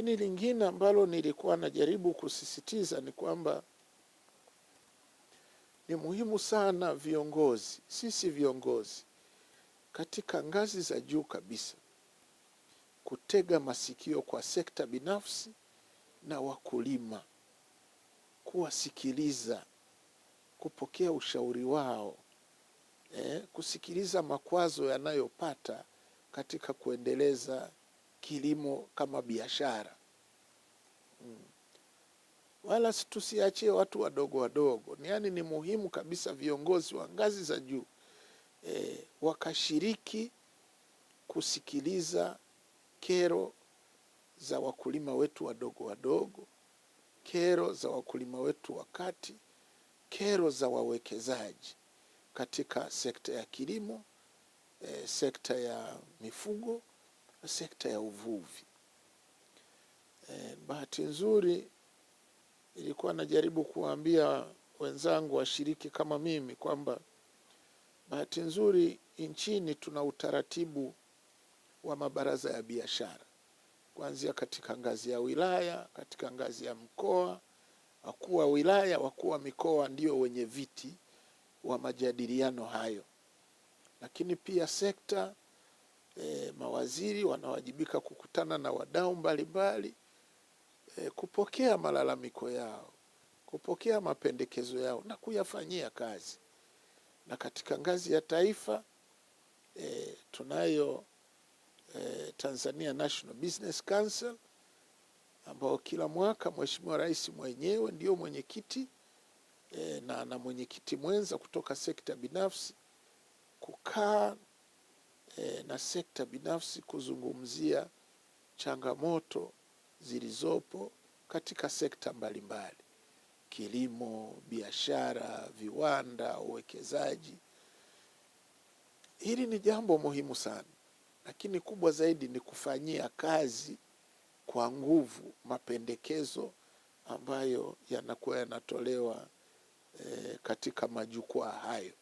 Lakini lingine ambalo nilikuwa najaribu kusisitiza ni kwamba ni muhimu sana viongozi, sisi viongozi katika ngazi za juu kabisa kutega masikio kwa sekta binafsi na wakulima, kuwasikiliza, kupokea ushauri wao eh, kusikiliza makwazo yanayopata katika kuendeleza kilimo kama biashara hmm. Wala tusiachie watu wadogo wadogo, yaani ni muhimu kabisa viongozi wa ngazi za juu e, wakashiriki kusikiliza kero za wakulima wetu wadogo wadogo, kero za wakulima wetu wa kati, kero za wawekezaji katika sekta ya kilimo, e, sekta ya mifugo na sekta ya uvuvi. E, bahati nzuri ilikuwa najaribu kuwaambia wenzangu washiriki kama mimi kwamba bahati nzuri nchini tuna utaratibu wa mabaraza ya biashara kuanzia katika ngazi ya wilaya, katika ngazi ya mkoa. Wakuu wa wilaya, wakuu wa mikoa ndio wenye viti wa majadiliano hayo, lakini pia sekta e, mawaziri wanawajibika kukutana na wadau mbalimbali e, kupokea malalamiko yao, kupokea mapendekezo yao na kuyafanyia kazi. Na katika ngazi ya taifa e, tunayo e, Tanzania National Business Council ambao kila mwaka Mheshimiwa Rais mwenyewe ndio mwenyekiti e, na na mwenyekiti mwenza kutoka sekta binafsi kukaa e, na sekta binafsi kuzungumzia changamoto zilizopo katika sekta mbalimbali: kilimo, biashara, viwanda, uwekezaji. Hili ni jambo muhimu sana, lakini kubwa zaidi ni kufanyia kazi kwa nguvu mapendekezo ambayo yanakuwa yanatolewa e, katika majukwaa hayo.